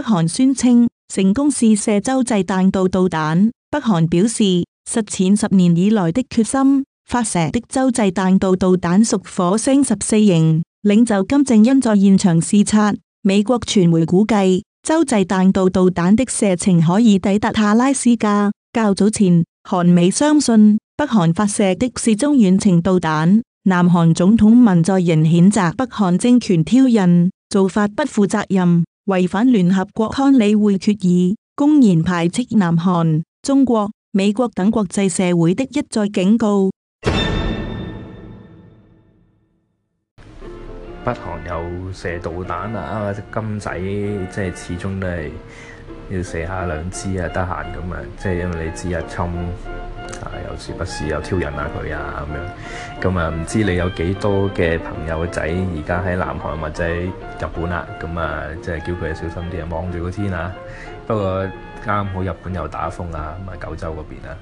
北韓宣稱成功試射洲際彈道導彈。北韓表示實踐十年以來的決心，發射的洲際彈道導彈屬火星十四型。領袖金正恩在現場視察。美國傳媒估計洲際彈道導彈的射程可以抵達阿拉斯加。較早前韓美相信北韓發射的是中遠程導彈。南韓總統文在寅譴責北韓政權挑釁做法不負責任。違反聯合國安理會決議，公然排斥南韓、中國、美國等國際社會的一再警告。北韓又射導彈啊！隻金仔即係始終都係要射下兩支啊！得閒咁啊，即係因為你知啊，侵。啊！又時不時又挑釁下佢啊咁樣，咁啊唔知你有幾多嘅朋友嘅仔而家喺南韓或者日本啊？咁啊，即係叫佢小心啲啊，望住個天啊！不過啱好日本又打風啊，咪九州嗰邊啊！